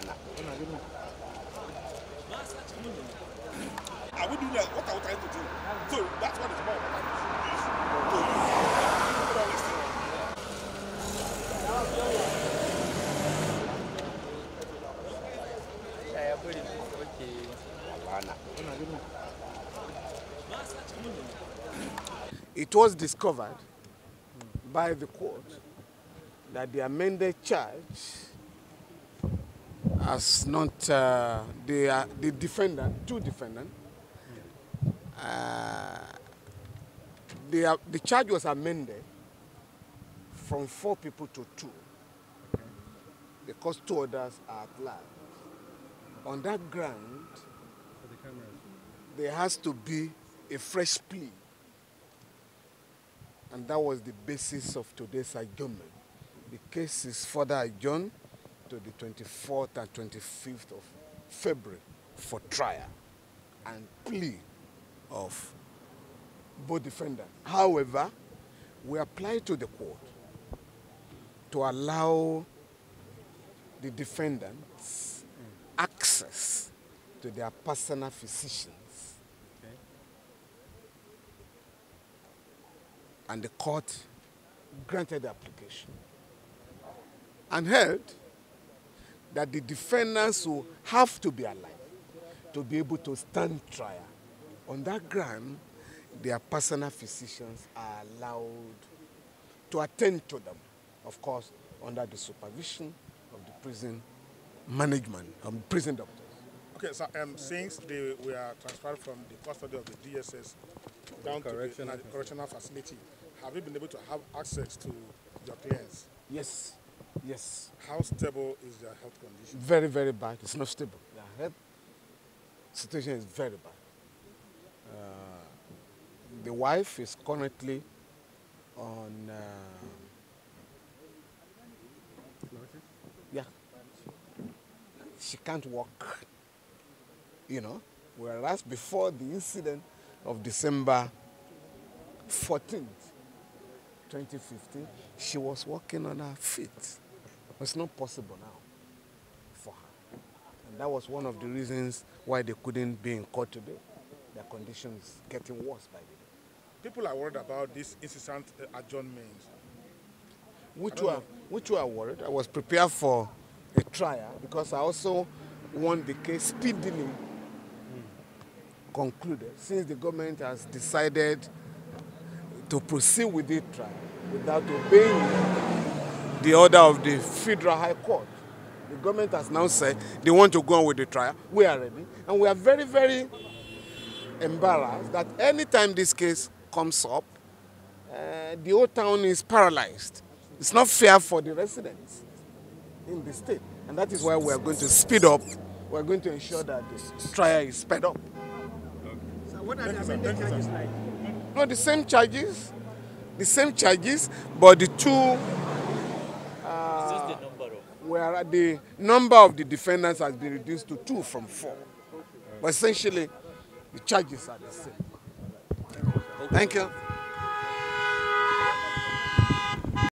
Ghana. that. What to do. So that's what it's about. It was discovered by the court that the amended charge has not, uh, uh, the defendant, two defendants, uh, the charge was amended from four people to two because two others are at large. On that ground, there has to be a fresh plea. And that was the basis of today's adjournment. The case is further adjourned to the 24th and 25th of February for trial and plea of both defendants. However, we applied to the court to allow the defendants access to their personal physicians. Okay. And the court granted the application and held that the defendants will have to be alive to be able to stand trial. On that ground, their personal physicians are allowed to attend to them, of course, under the supervision of the prison management, um, prison doctors. Okay, so um, since they were transferred from the custody of the DSS down the to the correctional facility, have you been able to have access to your clients? Yes. Yes. How stable is their health condition? Very, very bad. It's not stable. Their health situation is very bad. Uh, the wife is currently on. Uh, yeah. She can't walk, you know. Whereas before the incident of December 14th, 2015, she was walking on her feet. It's not possible now for her. And that was one of the reasons why they couldn't be in court today. Their condition is getting worse by the day. People are worried about this incessant uh, adjournment. Which were, which were worried. I was prepared for a trial because I also want the case speedily concluded since the government has decided to proceed with the trial without obeying the order of the Federal High Court. The government has now said they want to go on with the trial. We are ready. And we are very, very embarrassed that anytime this case comes up, uh, the old town is paralyzed. It's not fair for the residents in the state. And that is why we are going to speed up. We are going to ensure that the trial is sped up. Okay. So what are the amended charges like? No, the same charges, the same charges, but the two the number of the defendants has been reduced to two from four. But essentially, the charges are the same. Thank you.